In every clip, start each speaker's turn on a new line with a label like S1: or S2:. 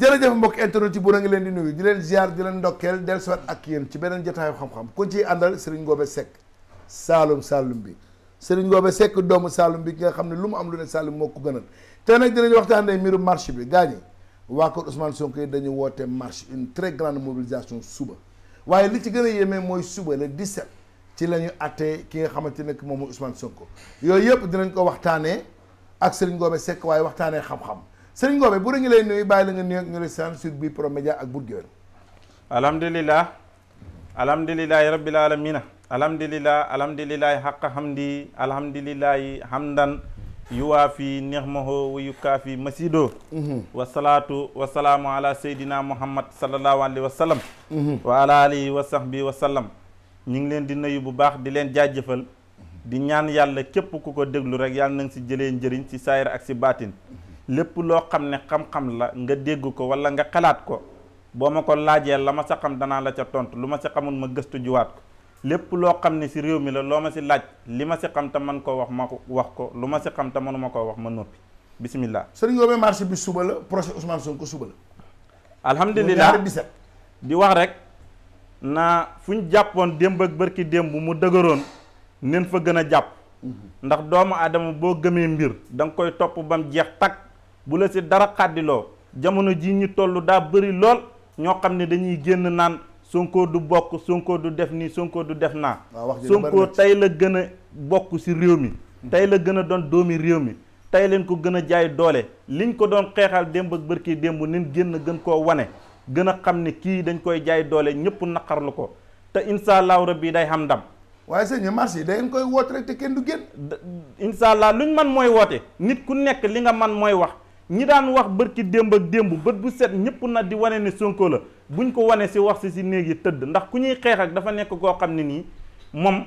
S1: jërëjëf mbokk internet yi bu na leen di nuyu di leen ziar di leen ndokkeel del soit ak yéen ci beneen jotaayu xam-xam ku ciy àndal Serigne Ngobe sekk Saalum Saalum bi Serigne Ngobe sekk doomu Saalum bi ki nga xam ne lu mu am lu ne Saalum moo ko gënal te nag dinañ waxtaanee mbiru marche bi gaañi waa osmaan sonk Sonko dañu woote marche une très grande mobilisation suba waaye li ci gën a yéeme mooy suba le 17 ci la ñu àttee ki nga xamante ne moom mooy Ousmane Sonko yooyu yëpp dinañ ko waxtaanee ak Serigne Ngobe Seck waaye waxtaanee xam sëriñ Ngobe bu ñu lay nuyu bàyyi la nga nuyu ak ñu lay sant sur bi Pro Média ak Bour Gueweul
S2: alhamdulilah alhamdulilahi rabbil alamina alhamdulilah alhamdulilahi haqa hamdi alhamdulilahi hamdan yuwaafi ni'mahu wa yukaafi masido mhm. wasalaatu wasalaamu ala seydina muhammad sallallahu alayhi wa mhm. wa ala alihi wa sahbi ñu ngi leen di nuyu bu baax di leen jaajëfal di ñaan yàlla képp ku ko déglu rek yàlla na nga si jëlee njëriñ si saayir ak si lépp loo xam ne xam-xam la nga dégg ko wala nga xalaat ko boo ma ko laajee la ma sa xam danaa la ca tontu lu ma si xamul ma gëstu juwaat ko lépp loo xam ne si réew mi la loo ma si laaj li ma si xam te man koo wax ma wax ko lu ma si xam te mënuma koo wax ma noppi bisimilah. sëriñ Yobe marché bi suba la projet Ousmane Sonko suba la. alhamdulilah di wax rek naa fu ñu jàppoon démb ak bërki démb mu dëgëroon nen fa gën a jàpp. Mm-hmm. ndax doomu aadama boo gëmee mbir da nga koy topp ba jeex takk. bu la si dara xàddiloo jamono ji ñu toll daa bëri lool ñoo xam ne dañuy génn naan Sonko du bokk Sonko du def nii Sonko du def naa
S1: Sonko tey
S2: la gën a bokk si réew mi hmm. tey la gën a doon doomi réew mi tey leen ko gën a jaay doole liñ ko doon xeexal démb ak bërki démb nin génn gën koo wane gën a xam ne kii dañ koy jaay doole ñëpp naqarlu ko te incha allahu rabbi day xam ndam waaye sëñ bi marché yi da koy woot rek te kenn du génn incha allah luñ man mooy woote nit ku nekk li nga man mooy wax ñi daan wax bërki démb ak démb bët bu set ñëpp na di wane ne Sonko la bu ñu ko wane si wax si si néeg yi tëdd ndax ku ñuy xeex ak dafa nekk koo xam ne nii moom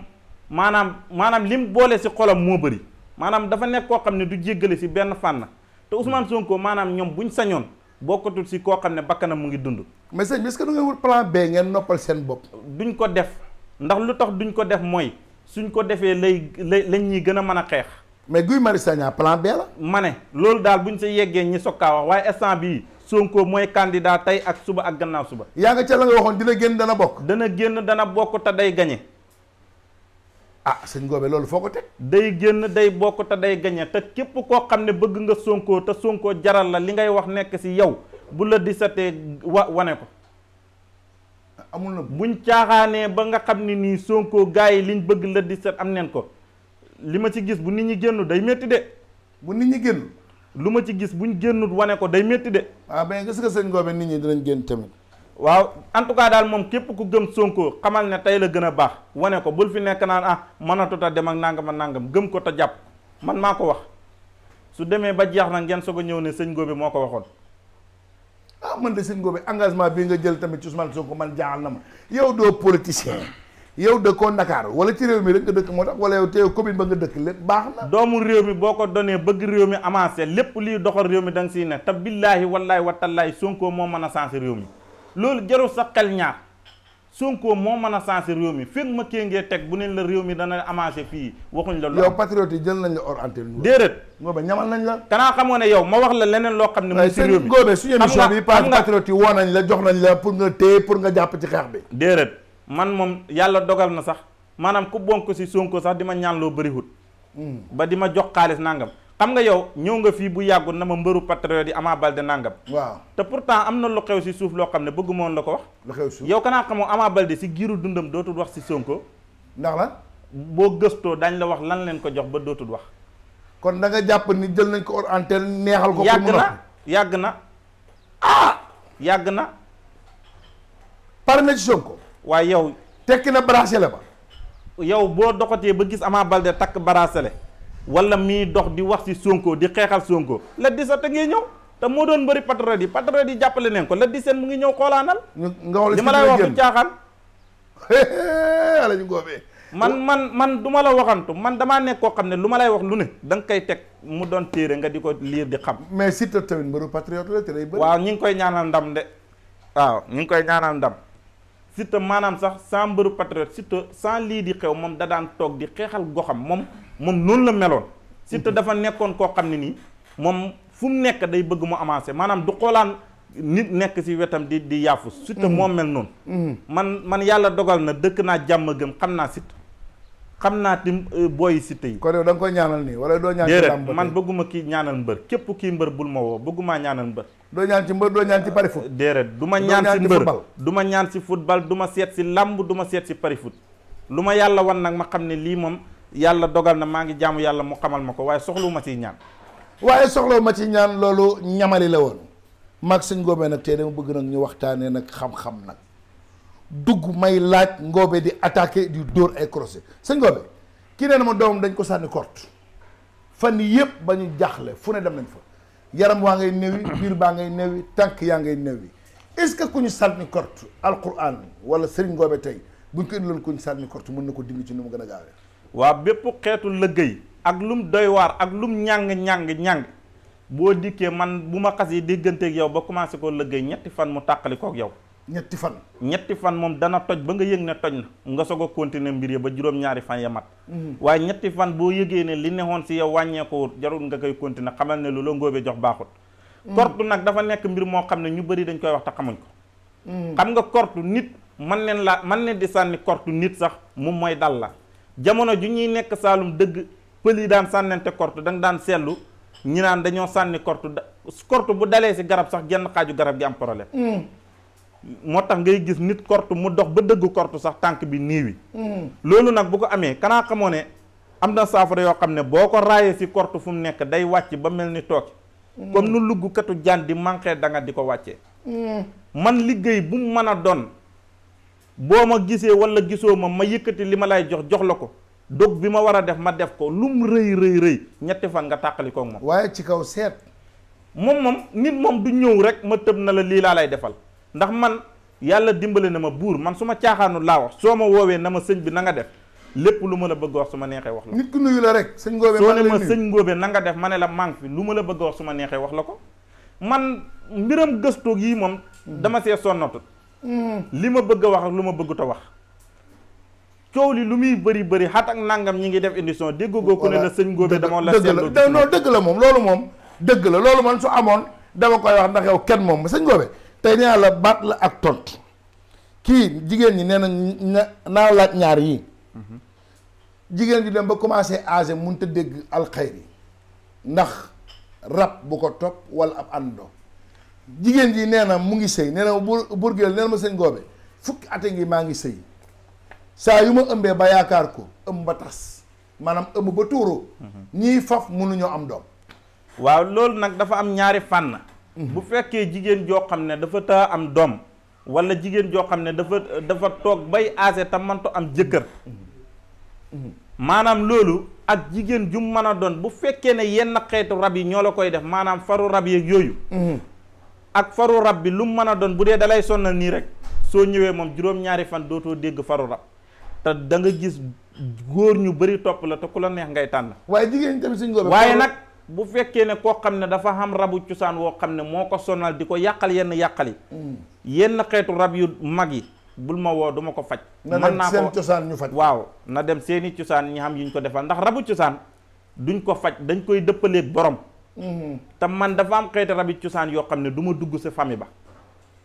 S2: maanaam maanaam lim boole si xolam moo bëri maanaam dafa nekk koo xam ne du jéggale si benn fànn te Ousmane Sonko maanaam ñoom bu ñu sañoon bokkatul si koo xam ne bakkanam mu ngi dund. mais sëñ bi est-ce ngeen wut plan B ngeen noppal seen bopp. duñ ko def ndax lu tax duñ ko def mooy suñ ko defee lay lañ ñuy gën a mën a xeex. mais Guy Marius sañaa plan B la. ma ne loolu daal bu ñu sa yeggee ñi soog waaye instant bi Sonko mooy candidat tey ak suba ak gannaaw suba. yaa nga ca la nga waxoon dina génn dana bokk. dana génn dana bokk te day gañe ah sëñ Gobe loolu foo ko teg. day génn day bokk te day gañe te képp koo xam ne bëgg nga Sonko te Sonko jaral la li ngay wax nekk si yow bu la di satee wa wane ko. amul buñ caaxaanee ba nga xam ne nii Sonko gars yi liñ bëgg la di set am neen ko. li ma ci gis bu nit ñi génn day metti de. bu nit ñi génn. lu ma ci gis buñ génnut wane ko day metti de. ah mais est-ce que sëñ Ngobe nit ñi dinañ génn tamit. waaw en tout cas daal moom képp ku gëm Sonko xamal ne tey la gën a baax wane ko bul fi nekk naan ah mënatu a dem ak nangam ak nangam gëm ko te jàpp man maa ko wax su demee ba jeex na ngeen soog a ñëw ne sëñ Ngobe moo ko waxoon.
S1: ah mën de sëñ Ngobe engagement bii nga jël tamit ci Ousmane Sonko man jaaxal na yow doo politicien.
S2: yow dëkkoo Ndakaaru wala ci réew mi rek nga dëkk moo tax wala yow teew commune ba nga dëkk lépp baax na doomu réew mi boo ko donee bëgg réew mi avancé lépp liy doxal réew mi da nga siy ne te billaahi wallaahi watallaahi Sonko moo mën a sensé réew mi loolu jarul sa xel ñaar Sonko moo mën a sensé réew mi fekk ma kee ngee teg bu neen la réew mi dana avancé fii waxuñ la yow patriote yi jël nañ la hors antenne déedéet Ngobe ñamal nañ la kanaa xamoo ne yow ma wax la leneen loo xam ne mu si réew mi Ngobe suñu émission bi patriote yi woo nañ nañ la pour nga téye pour nga jàpp ci xeex bi déedéet man moom yàlla dogal na sax maanaam ku bonk si Sonko sax di ma ñaan loo bëriwut hmm. ba di ma jox xaalis nangam xam nga yow ñëw nga fii bu yàggul na ma mbëru patriote yi amaa Balde nangam waaw te pourtant am na lu xew si suuf loo xam ne bëggu moon la ko wax lu xew suuf yow kanaa xamoo Ama Balde si giiru dundam dootul wax si Sonko ndax la boo gëstoo dañ la wax lan leen ko jox ba dootul wax kon danga nga jàpp ni jël nañ ko or antenne neexal ko yàgg na yàgg na ah yàgg na pare na ci Sonko waaye yow. tekki na bracelet ba. yow boo doxatee ba gis Ama Baldé takk bracelet wala mii dox di wax si Sonko di xeexal Sonko la di sa te ngay ñëw te moo doon bëri patriote yi patriote yi jàppale neen ko la di seen mu ngi ñëw xoolaanal. li ma lay wax du ñu góobee. man man man du ma la waxantu man damaa koo xam ne lu ma lay wax lu ne da nga koy teg mu doon téere nga di ko liir di xam.
S1: mais Siteu tamit mbëru patriote la te lay
S2: waaw ñu ngi koy ñaanal ndam de. waaw ñu ngi koy ñaanal ndam. Siteu maanaam sax sans mbëru patriote Siteu san lii di xew moom da daan toog di xeexal goxam moom moom noonu la meloon. Siteu mhm. dafa nekkoon koo xam ne nii moom fu mu nekk day bëgg mu avancer maanaam du xoolaan nit nekk ci wetam di di yaafus. Siteu mhm. moo mel noonu. Mhm. man man yàlla dogal na dëkk naa jàmm gëm xam naa Siteu. xam naa tim euh, booy si yi. kon yow da koy ñaanal nii wala doo ñaan ci làmb man bëgguma kii ñaanal mbër képp kii mbër bul ma woo bëggumaa ñaanal mbër doo ñaan ci mbër doo ñaan ci pari foot euh, déedéet du ma ñaan ci mbër du ma ñaan si football du ma seet si làmb duma seet si pari foot lu ma yàlla wan nag ma xam ne lii moom yàlla dogal na maa ngi jaamu yàlla mu xamal ma ko waaye soxlu ma ciy ñaan waaye soxlaw ma ci ñaan loolu ñamali la woon mag sëñ Ngobé
S1: nag tey dama bëgg nag ñu waxtaanee nag xam-xam nag dugg may laaj ngoobe di attaqué di dóor ay crochet sa ngoobe kii nee na ma doomam dañ ko sànni korte fan yii yëpp ba ñu jaaxle fu ne dem nañ fa yaram waa ngay néewi biir baa ngay néewi tànk yaa ngay néewi est-ce que ku ñu sànni korte alquran wala sëriñ ngoobe tey buñ ko indiloon ku ñu
S2: sànni korte mun na ko dindi ci ni mu gën a gaawee waa bépp xeetu lëggéey ak lu mu doy waar ak lu mu ñàng-ñàng-ñàng boo dikkee man bu ma xas yi digganteeg yow ba commencé koo lëggéey ñetti fan mu tàqali kook yow ñetti fan ñetti fan moom dana toj ba nga yëg ne toj na nga soog a continuer mbir ya ba juróom-ñaari fan ya mat mhm. waaye ñetti fan boo yëgee ne li neexoon si yow wàññeeku jarul nga koy continuer xamal ne la ngoobee jox baaxut mhm. kortu nag dafa nekk mbir moo xam ne ñu bëri dañ koy wax te xamuñ ko mhm. xam nga kortu nit man leen laa man leen di sànni kortu nit sax moom mooy dal la jamono ju ñuy nekk saalum dëgg pël yi daan sànnante kortu da daan seetlu ñi naan dañoo sànni kortu da kortu bu dalee si garab sax genn xaaju garab gi moo tax ngay gis nit kort mu dox ba dëgg kort sax tànk bi niiwi loolu nag bu ko amee kanaa xamoo ne am na saafara yoo xam ne boo ko raayee si kortu fu mu nekk day wàcc ba mel ni tooki comme nu luggkatu jaan di manqué da nga di ko wàccee man liggéey bu mu mën a doon boo ma gisee wala gisoo ma ma yëkkati li ma lay jox jox la ko dog bi ma war a def ma def ko lu mu rëy rëy rëy ñetti fan nga tàqali koog moom waaye ci kaw seet moom moom nit moom du ñëw rek ma na la lii laa lay defal ndax man yàlla dimbale na ma buur man su ma caaxaanu laa wax soo ma woowee na ma sëñ bi nanga def lépp lu ma la bëgg wax ma neexee wax la nit ku nuyu rek sëñ ngóobe soo ne ma sëñ ngóobe na nga ma ne la manque fi lu ma la bëgg su ma neexee wax la ko man mbiram gëstoog yii moom dama see sonnatut hmm. li ma bëgg a wax lu ma bëggut wax coow li lu muy bëri bëri xat ak nangam ñi ngi def émission déggoo ko ne la sëñ Ngóobe dama la seetlu non dëgg la moom loolu moom dëgg la loolu man su amoon dama koy wax ndax yow kenn moom sëñ Ngóobe
S1: tey nee la baat la ak tontu kii jigéen ñi nee na naa laaj ñaar yi jigéen ji dem ba commencé âgé mun te dégg alxayri ndax rab bu ko topp wala ab àndoo jigéen ji nee na mu ngi sëy nee na bu burgeel nee ma sëñ goobe fukki ate ngi maa ngi sëy saa yu ma ëmbee ba yaakaar ko ëmb ba tas maanaam ëmb ba tuuru mhm. ñii faf mënuñoo
S2: am doom waaw loolu nag dafa am ñaari fànn bu fekkee jigéen joo xam ne dafa taa am doom wala jigéen joo xam ne dafa dafa toog bay aase te manto am jëkkër maanaam loolu ak jigéen ju mën a doon bu fekkee ne yenn xeetu rab yi ñoo la koy def maanaam faru rab yeeg yooyu mm-hmm. ak faru rab bi lu mu mën a doon bu dee dalay sonnal nii rek soo ñëwee moom juróom-ñaari fan dootoo dégg faru rab te da nga gis góor ñu bari topp la te ku la neex ngay tànn waaye
S1: jigéen tamit suñ waaye nag
S2: bu fekkee ne koo xam ne dafa am rabu cosaan woo xam ne moo ko sonal di ko yàqal yenn yàqali mm. yenn xeetu rab yu mag yi bul ma woo duma ko faj na naa ko cosaan ñu faj waaw na dem seeni cosaan ñi xam yuñ ko defal ndax rabu cosaan duñ ko faj dañ koy dëppaleeg borom mm-hmm. te man dafa am xeeti rabi cosaan yoo xam ne duma dugg sa famille ba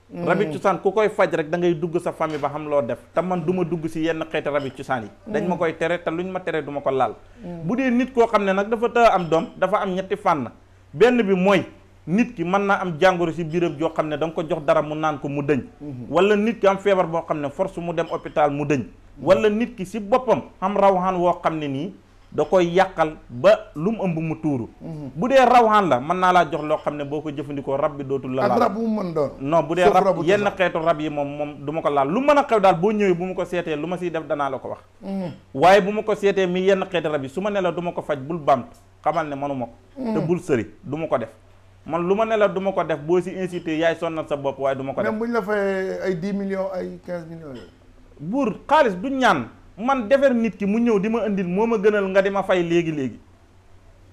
S2: Mm. rabi cosaan ku koy faj rek dangay dugg sa famille ba xam loo def te man duma dugg si yenn xeeti rabi cosaan yi mm. dañ ma koy tere te ñu ma tere duma ko laal mm. bu dee nit koo xam ne nag dafa të am doom dafa am ñetti fànn benn bi mooy nit ki mën naa am jàngoro si biiram joo xam ne da nga ko jox dara mu naan ko mu dëñ mm-hmm. wala nit ki am feebar boo xam ne force mu dem hôpital mu dëñ wala nit ki si boppam am raw woo xam ne nii da koy yàqal ba lu mu ëmb mu tuuru mhm. bu dee rawaan la mën naa laa jox loo xam ne boo ko jëfandikoo rab bi dootul la laal rab bu mu mën doon non bu dee rab yenn xeetu rab yi moom moom du ko laal lu mën a xew daal boo ñëwee bu ma ko seetee lu ma siy def danaa la ko wax mhm. waaye bu ma ko seetee mi yenn xeetu rab yi su ma ne la du ko faj bul bamtu xamal ne mënu ma ko mhm. te bul sëri duma ko def man lu ma ne la du ko def boo si incité yaay sonnal sa bopp waaye du ko def même bu ñu ay 10 millions ay 15 millions buur xaalis du ñaan man defar nit ki mu ñëw di ma indil moo ma gënal nga di ma fay léegi léegi.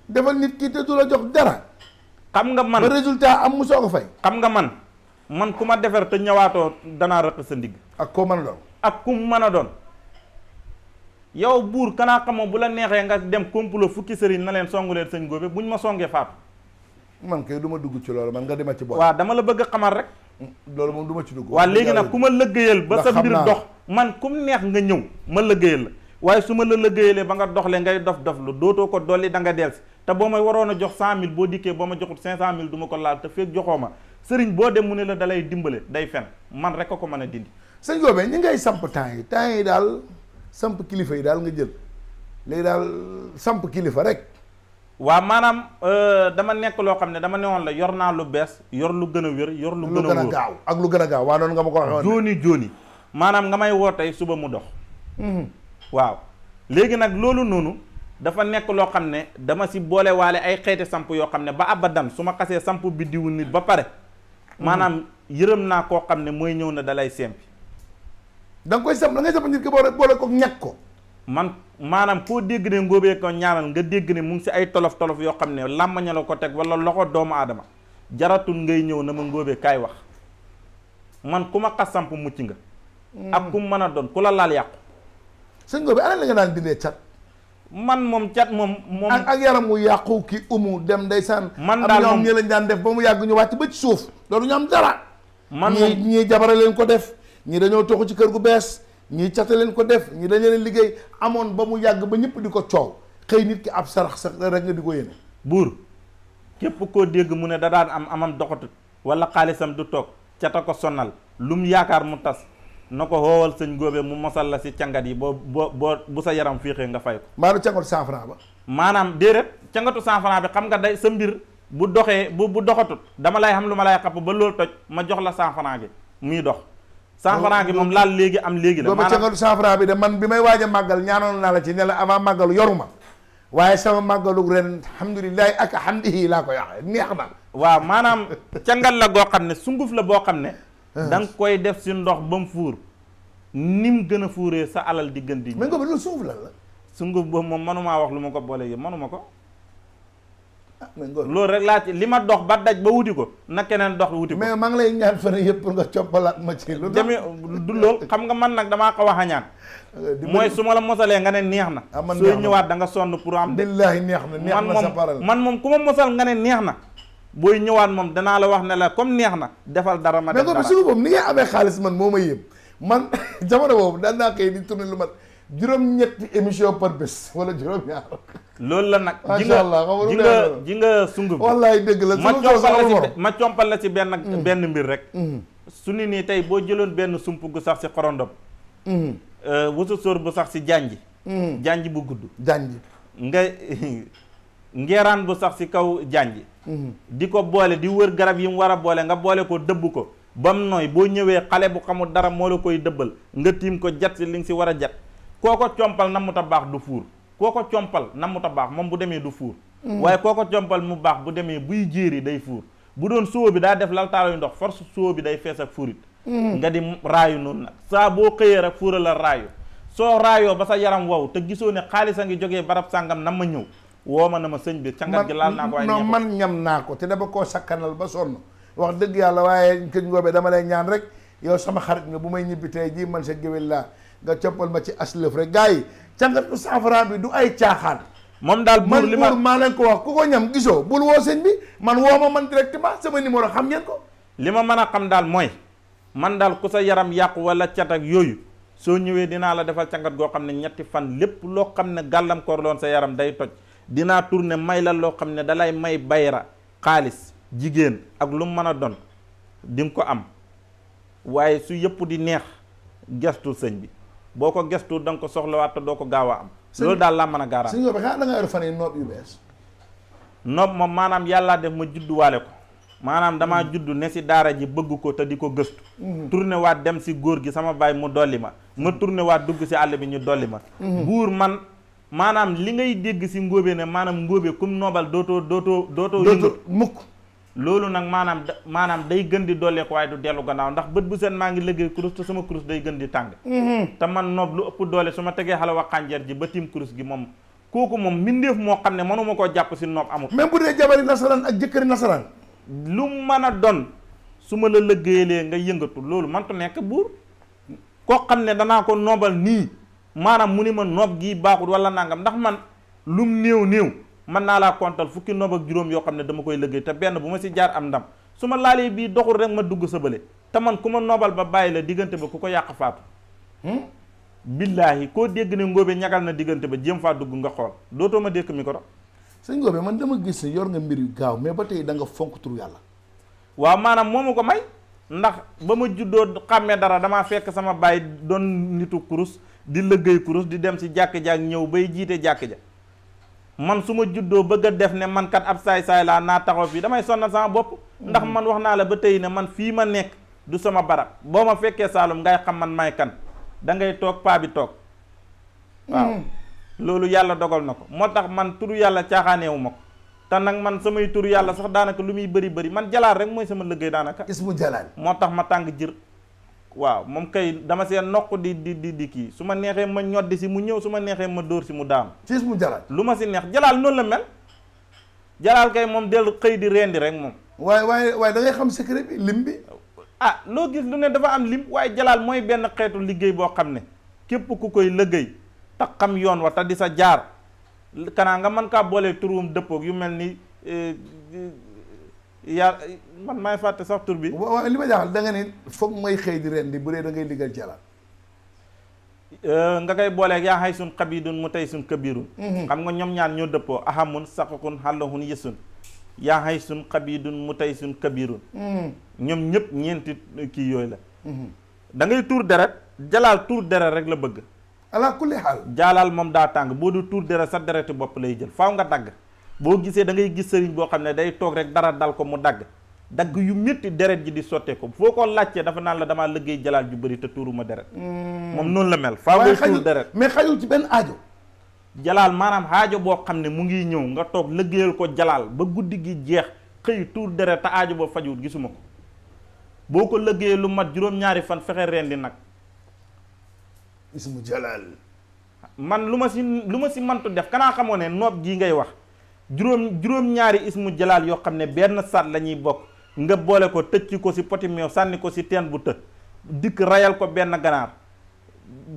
S2: defal nit ki te du la jox dara. xam nga man ba résultat am mu soo ko fay. xam nga man man ku ma defar te ñëwaatoo danaa rëq sa ndigg ak koo man a doon. ak ku mën a doon. yow buur kanaa xamoo bu la neexee nga dem complot fukki sëriñ na leen songu leen sëñ góobe buñ ma songee faatu. man kay du ma dugg ci loolu man nga dima ci bopp. waaw dama la bëgg a xamal rek. loolu moom duma ci dugg waa léegi nag ku ma lëggéeyal ba sa mbir dox man ku mu neex nga ñëw ma lëggéeyal la waaye su ma la lëggéeyalee ba nga doxle ngay dof dof lu dootoo ko dolli da nga delsi te boo ma waroon a jox cent mille boo dikkee boo ma joxut cinq cent mille du ma ko laal te feeg joxoo ma sëriñ boo dem mu ne la dalay dimbale day fen man rek a ko mën a dindi sëñ Gobe ñi ngay samp temps yi temps yi daal
S1: samp kilifa yi daal nga jël léegi daal samp kilifa rek
S2: waaw maanaam euh, dama nekk loo xam ne dama newoon la yor naa lu bees yor lu gën a wér yor lu gën a gaaw
S1: ak lu gën a gaaw waaw noonu nga ma ko waxee
S2: jooni maanaam nga may woo tey suba mu dox mm-hmm. waaw léegi nag loolu noonu dafa nekk loo xam ne dama si boole waale ay xeeti samp yoo xam ne ba abadan su ma xasee samp bi nit ba pare mm-hmm. maanaam yërëm naa koo xam ne mooy ñëw na dalay sempi da koy samp da ngay samp nit ki boole boole ko ñàkk ko man maanaam koo dégg ne ngóobee ko ñaanal nga dégg ne mu ngi si ay tolof tolof yoo xam ne làmmaña la ko teg wala loxo doomu aadama jaratul ngay ñëw na ma ngóobee kaay wax man ku ma xasamp mucc nga. Mm. ak ku mën a doon ku la laal yàqu. sëñ ngóobee ana la nga daan dindee cat. man moom cat moom. moom ak yaram mu yàqu
S1: ki umu dem ndeysaan. man daal moom am ñoom lañ daan def ba mu yàgg ñu wàcc ba ci suuf loolu ñu am dara. man ñii ñii jabara leen ko def ñii dañoo toxu ci kër gu bees. ñuy cata leen ko def ñu
S2: dañu leen liggéey amoon ba mu yàgg ba ñëpp di ko coow xëy nit ki ab sarax sax rek nga di ko yéene buur képp koo dégg mu ne da daan am amam doxatut wala xaalisam du toog cata ko sonal lu mu yaakaar mu tas na ko hoowal sëñ góobee mu mosal la si cangat yi boo boo boo bu sa yaram fiixee nga fay ko maanaam cangatu cent ba maanaam déedéet cangatu cent bi xam nga day sa mbir bu doxee bu bu doxatut dama lay xam lu ma lay xapp ba loolu toj ma jox la cent franc muy dox cent franc bi moom laal léegi am léegi la booba cangalu
S1: cent bi de man bi may waaj a màggal ñaanoon naa la ci ne la avant màggalu yoruma waaye sama màggalu ren alhamdulilahi
S2: ak hamdihi laa ko yàq neex na waaw maanaam cangal la goo xam ne sunguf la boo xam ne ah. da koy def si ndox ba mu fuur ni mu gën a fuuree sa alal di gën di mais nga ba loolu sunguf lan la sunguf boobu moom manumaa wax lu ma ko boole yi manuma ko Ah, loolu rek laa ci li ma dox ba daj ba wuti ko na keneen dox wuti ko. mais maa ngi lay ñaan fan yëpp pour nga coppalaat ma ci. lu demee du loolu xam nga man nag damaa ko wax a ñaan. Euh, mooy su ma la mosalee nga ne neex na. Ah, man sooy ñëwaat da nga sonn pour am. billaahi neex na neex na sa paral man moom ku ma mosal nga ne neex na. booy ñëwaat moom danaa la wax ne la comme neex na. defal dara ma def dara mais kon suñu boobu
S1: ni ngay amee xaalis man moo ma yëpp
S2: man jamono boobu daan naa koy di tourné lu mat.
S1: juróom-ñetti émission par bés wala juróom-ñaar.
S2: loolu la nag. macha allah ji nga ji nga sunguf.
S1: dëgg la ma compal la ci
S2: ma compal la ci benn mm-hmm. benn mbir rek. Mm-hmm. su ni nii tey boo jëloon benn sump gu sax si xorondom. Mm-hmm. Euh, wusu sóor bu sax si janj. janj bu gudd. jànj nga ngeeraan bu sax si kaw janj. di ko boole di wër garab yi mu war a boole nga boole ko dëbb ko. ba nooy boo ñëwee xale bu xamul dara moo la koy dëbbal nga tiim ko jat si li nga si war a jat. koo ko compal na mu ta baax du fuur koo ko compal na mu ta baax moom bu demee du fuur mm. waaye koo ko compal mu baax bu demee buy yi day fuur bu doon suwo bi daa def lal taalooyu ndox force suwo bi day fees ak fuurit mm. nga di raayu noonu nag saa boo xëyee rek fuura la raayu soo raayoo ba sa yaram wow te gisoo ne xaalis a ngi jógee barab sàngam na ma ñëw woo ma na ma sëñ bi cangat gi laal naa ko waaye non man
S1: ñam naa ko te dama koo sakkanal ba sonn wax dëgg yàlla waaye këñ goobee dama lay ñaan rek yow sama xarit nga bu may ñibbi tey jii man sa géwél laa nga coppal ma ci aslëf rek gars yi cangatu saafara bi du ay caaxaan moom daal buur li ma man maa leen ko wax ku ko
S2: ñam gisoo bul woo sëñ bi man woo ma man directement sama numéro xam ngeen ko li ma mën a xam daal mooy man daal ku sa yaram yàqu wala catak yooyu soo ñëwee dinaa la defal cangat goo xam ne ñetti fan lépp loo xam ne gàllankoor loon sa yaram day toj dinaa tourné may la loo xam ne dalay may bayra xaalis jigéen ak lu mën a doon di ko am waaye su yëpp di neex gestu sëñ bi boo ko gestu da ko soxlawaat te doo ko gaaw a am loolu daal laa mën a gaaraan sëñ bi
S1: xanaa da nga noob
S2: yu maanaam yàllaa def ma judduwaale ko maanaam damaa mm. juddu ne si daara ji bëgg ko te di ko gëstu mm. turne waat dem si góor gi sama baay mu dolli ma ma mm. tourné waat dugg si àll bi ñu dolli ma -hmm. buur man maanaam li ngay dégg si ngóobe ne maanaam ngóobe comme noobal dootoo dootoo dootoo yëngatu mukk loolu nag maanaam maanaam day gën di dolleeku waaye du dellu gannaaw ndax bët bu seen maa ngi liggéey kurus te sama kurus day gën di tàng mm-hmm. te man noob lu ëpp doole su ma tegee xale wa xànjeer ji ba tiim kurus gi moom kooku moom mbindeef moo xam ne mënuma koo jàpp si noob amul même bu dee jabari nasaraan ak jëkkëri nasaraan lu man a doon su ma la liggéeyalee nga yëngatu loolu man mantu nekk buur koo xam ne danaa ko noobal nii maanaam mu ni ma noob gii baaxul wala nangam ndax man lum néew néew mën naa laa kontal fukki noom ak juróom yoo xam ne dama koy liggéey te benn bu ma si jaar am ndam su ma laalee bii doxul rek ma dugg sa bële te man ku ma noobal ba bàyyi la diggante ba ku ko yàq faatu hmm? billaahi koo dégg ne ngóobe ñagal na diggante ba jéem faa dugg nga xool dootoo ma dékk micro sëñ ngóobe man dama gis ne yor nga mbir yu gaaw mais ba tey danga nga fonk tur yàlla waaw maanaam moo ma ko may ndax ba ma juddoo xàmmee dara damaa fekk sama bàyyi doon nitu kurus di lëggéey kurus di dem si jàkk ja ñëw bay jiite jàkk ja man su ma juddoo bëgg def ne mankat ab saay-saay laa naa taxaw fii damay sonna sama bopp ndax mm-hmm. man wax naa la ba tey ne man fii ma nekk du sama barab boo ma fekkee Saalum ngay xam man may kan da ngay toog paa bi toog mm-hmm. loolu yàlla dogal na ko moo tax man turu yàlla caaxaaneewu ma ko te nag man samay turu yàlla sax daanaka lu muy bëri bëri man jalaal rek mooy sama liggéey daanaka. ismu jalaal moo tax ma tàng jër waaw moom kay dama seen noq di di di di kii su ma neexee ma ñoddi si mu ñëw su ma neexee ma dóor si mu daam siis mu jalaal lu ma si neex jalaal noonu la mel jalaal kay moom dellu xëy di rendi rek moom waaye waaye waaye da xam secret bi lim bi ah loo gis lu ne dafa am lim waaye jalaal mooy benn xeetu liggéey boo xam ne képp ku koy lëggéey te xam yoon wa di sa jaar kanaa nga mën kaa boolee turuwum dëppook yu mel nii eh, yaa man maay fàtte sax tur bi. waaw li ma jaaxal da nga
S1: ni foog may xëy di ren di bu dee da ngay liggéeyal ci alal.
S2: Euh, nga koy booleeg yaa xay suñ xabidun mu tey suñ kabirun mhm. xam nga ñoom ñaan ñoo dëppoo ahamun saqakun xàllahun yësun yaa xay suñ xabidun mu tey suñ kabirun mhm. ñoom ñëpp ñeenti kii yooyu la mhm. da ngay tuur deret jalaal tuur deret rek la bëgg ala kulli xaal jaalaal moom daa tàng boo du tuur deret sa dereti bopp lay jël faw nga dagg boo gisee da ngay gis sëriñ boo xam ne day toog rek dara dal ko mu dagg dagg yu metti deret ji di sottee ko foo ko laajtee dafa naan la damaa liggéey jalaal ju bari te tuuruma deret hmm. moom noonu la mel faa ngay tuur deret mais xajul ci benn aajo jalaal maanaam aajo boo xam ne mu ngi ñëw nga toog liggéeyal ko jalaal ba guddi gi jeex xëy deret te aajo ba fajul gisuma ko boo ko liggéeyee lu mat juróom fan fexe reen di nag ismu man lu ma si lu ma si mantu def kanaa xamoo ne noob gii ngay wax juróom juróom-ñaari ismu jalaal yoo xam ne benn saat la ñuy bokk nga boole ko tëcc ko si poti meew sànni ko si teen bu të dikk reyal ko benn ganaar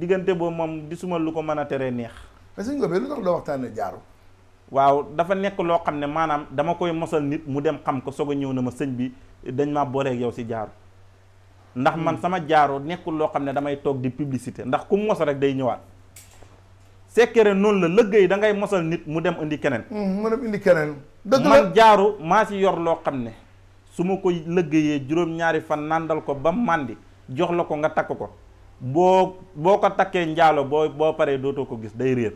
S2: diggante boobu moom di suma lu ko mën a teree neex mais suñ ko bee lu tax doo waxtaane jaaru waaw dafa nekk loo xam ne maanaam dama koy mosal nit mu dem xam ko soog a ñëw na ma sëñ bi dañ ma booleeg yow si jaaru ndax man hmm. sama jaaro nekkul loo xam ne damay toog di publicité ndax ku mu mos rek day ñëwaat sekkere noonu la lëggéey da ngay mosal nit mu dem indi keneen. Mm, mu dem indi keneen. man jaaru maa si yor loo xam ne su ma ko lëggéeyee juróom-ñaari fan nàndal ko ba màndi jox la ko nga takk ko boo boo ko takkee njaalo boo boo paree dootoo ko gis day réer.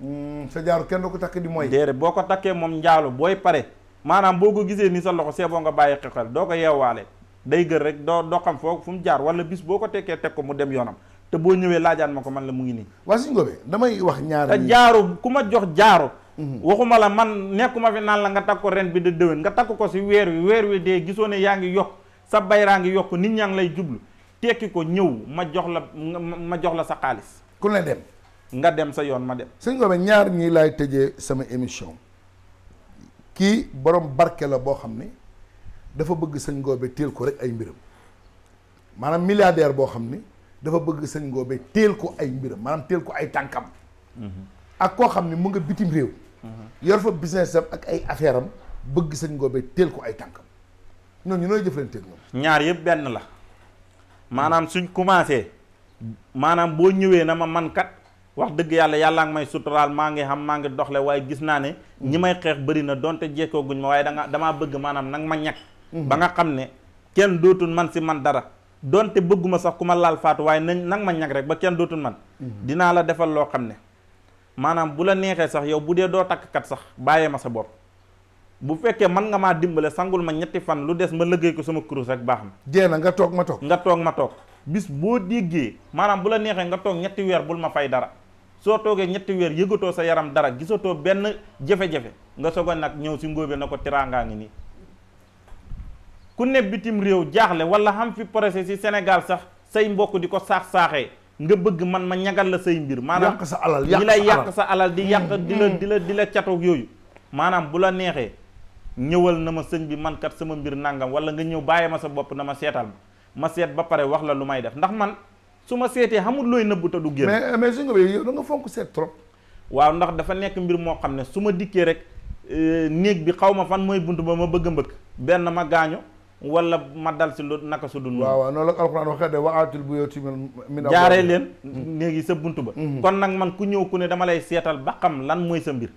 S1: Mm, sa jaaru kenn du ko takk di mooy.
S2: déedéet boo ko takkee moom njaalo booy pare maanaam boo ko gisee ni sa loxo seeboo nga bàyyi xel doo ko yeewaale day gër rek doo doo xam foo fu mu jaar wala bis boo ko tekkee teg ko mu dem yoonam. te boo ñëwee laajaan ma ko man la mu ngi nii. waa suñu góobee damay wax ñaar. te jaaro ku ma jox jaaro. Mhm. waxuma la man nekkuma fi naan la nga takk ko ren bi da déwén nga takk ko si weer wi weer wi dee gisoo ne yaa ngi yokk sa bayraa ngi yokk nit ñaa ngi lay jublu tekki ko ñëw ma jox la ma jox la sa xaalis. ku ne dem. nga dem sa yoon ma dem.
S1: suñu góobee ñaar ñii laay tëjee sama émission kii borom barke la boo xam ne dafa bëgg sëñ góobee teel ko rek ay mbiram maanaam milliardaire boo xam ne. dafa bëgg sën Ngobe teel ko ay mbiram maanaam teel ko ay tànkam ak koo xam ne mu nga bitim réew yor fa business ak ay affaire am bëgg sëñ Ngobe teel ko ay tànkam ñooñu nooy jëflanteeg
S2: ñoom ñaar yëpp benn la maanaam suñ commencé maanaam boo ñëwee na ma man kat wax dëgg yàlla yàllaa ngi may suturaal maa ngi xam maa ngi doxle waaye gis naa ne ñi may xeex bëri na donte jekkooguñ ma waaye danga damaa bëgg maanaam nag ma ñàkk mm-hmm. ba nga xam ne kenn dootul man si man dara donte bëgguma sax ku ma laal faatu waaye nañ nag ma ñag rek ba kenn dootul man mhm. dinaa la defal loo xam ne maanaam bu la neexee sax yow bu dee doo takkkat sax bàyyee ma sa bopp bu fekkee man nga maa dimbale sangul ma ñetti fan lu des ma lëggéey ko sama kurus rek baax na dee na nga toog ma toog nga toog ma toog bis boo déggee maanaam bu la neexee nga toog ñetti weer bul ma fay dara soo toogee ñetti weer yëgatoo sa yaram dara gisatoo benn jafe-jafe nga soog a nag ñëw si ngóobe na ko teraangaa ngi nii ku ne bitim réew jaaxle wala xam fi projet si Sénégal sax say mbokk di ko saax-saaxee nga bëgg man ma ñagal la say mbir maanaam yàq sa alal ñi lay yàq sa alal di yàq mm-hmm. di la di la di yooyu maanaam bu la neexee ñëwal na ma sëñ bi man kat sama mbir nangam wala nga ñëw bàyyi ma sa bopp na ma seetal ma seet ba pare wax la lu may def ndax man su ma seetee xamul looy nëbbuta du génn mais mais su nga bi yow da fonk seet trop waaw ndax dafa nekk mbir moo xam ne su ma dikkee rek euh, néeg bi xaw ma fan mooy bunt ba ma bëgg mbëkk benn ma gaaño wala ma dal si lu naka su dul. waaw
S1: waaw noonu la alxuraan waxee de waatul bu yooti min jaaree leen
S2: mm-hmm. néegi sa bunt ba mm-hmm. kon nag man ku ñëw ku ne dama lay seetal ba lan mooy sa mbir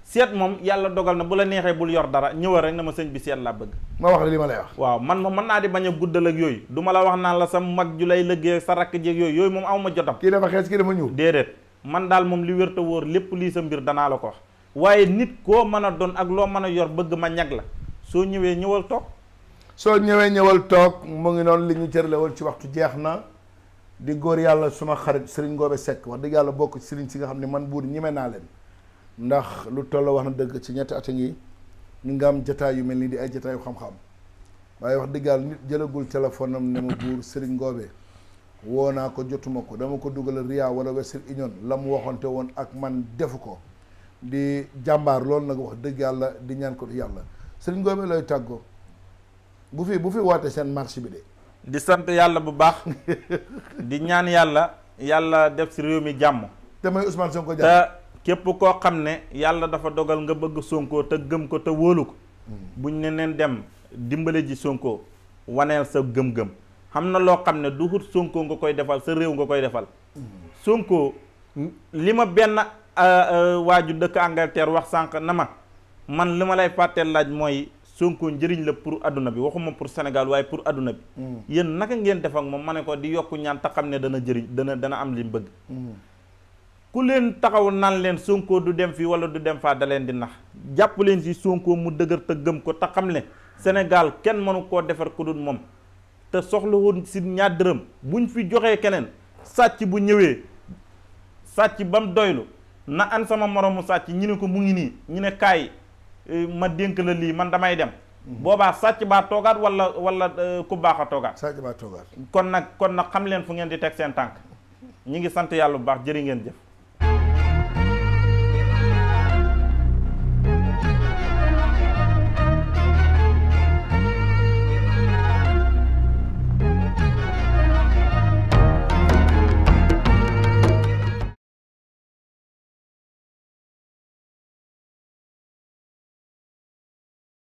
S2: seet moom yàlla dogal na bu la neexee bul yor dara ñëwal rek na ma sëñ bi seet laa bëgg ma wax li ma waaw man moom mën naa di bañ a guddal ak yooyu du la wax naan la sa mag ju lay lëggee sa rakk jeeg yooyu yooyu moom amuma jotam kii dafa xees kii dafa ñuul déedéet man daal moom li wér lépp lii sa mbir danaa la ko wax waaye nit koo mën a doon ak loo mën a yor bëgg ma ñag la soo ñëwee ñëwal toog soo ñëwee ñëwal toog mu ngi noonu
S1: li ñu cërale woon ci waxtu jeex na di góor yàlla suma xarit Serigne Ngobe Seck wax dëgg yàlla bokk Serigne si nga xam ne man buur ñeme naa leen ndax lu toll wax na dëgg ci ñetti at ngi ñu nga am jotaay yu mel nii di ay jotaayu xam-xam waaye wax dëgg yàlla nit jëlagul téléphone am ne ma buur Serigne Ngobe woo naa ko jotuma ko dama ko dugal Ria wala Western Union la mu waxante woon ak man defu ko di jàmbaar loolu nag wax dëgg yàlla di ñaan
S2: ko yàlla Serigne Ngobe looy tàggoo. bu fi bu fi woote seen marché bi de. di sant yàlla bu baax di ñaan yàlla yàlla def si réew mi jàmm.
S1: te may Ousmane Sonko jàmm te
S2: képp koo xam ne yàlla dafa dogal nga bëgg Sonko te gëm ko te wóolu ko. Hmm. buñ ne neen dem dimbale ji Sonko waneel sa gëm-gëm xam na loo xam ne du xut Sonko nga koy defal sa réew nga koy defal. Hmm. Sonko li ma benn euh, euh, waaju dëkk Angleterre wax sànq na ma man li ma lay fàtteel laaj mooy. Sonko njëriñ la pour àdduna bi waxuma pour Sénégal waaye pour adduna bi hmm. yéen naka ngeen def moom ma ne ko di yokk ñaan te xam ne dana jëriñ dana dana am li mu bëgg hmm. ku leen taxaw naan leen Sonko du dem fii wala du dem faa da leen di nax jàpp leen si Sonko mu dëgër te gëm ko te xam ne Sénégal kenn mënu koo defar ku dul moom te soxlawoon si ñaar dërëm buñ fi joxee keneen sàcc bu ñëwee sàcc ba mu doylu na an sama moromu sàcc ñu ne ko mu ngi nii ñu ne kaay Eh, ma dénk la lii man damay dem boobaa sàcc baa toogaat wala wala eh, ku baax a toogaat sàcc baa kon nag kon nag xam leen fu ngeen di teg seen tànk ñi ngi sant yàlla bu baax jëri ngeen jëf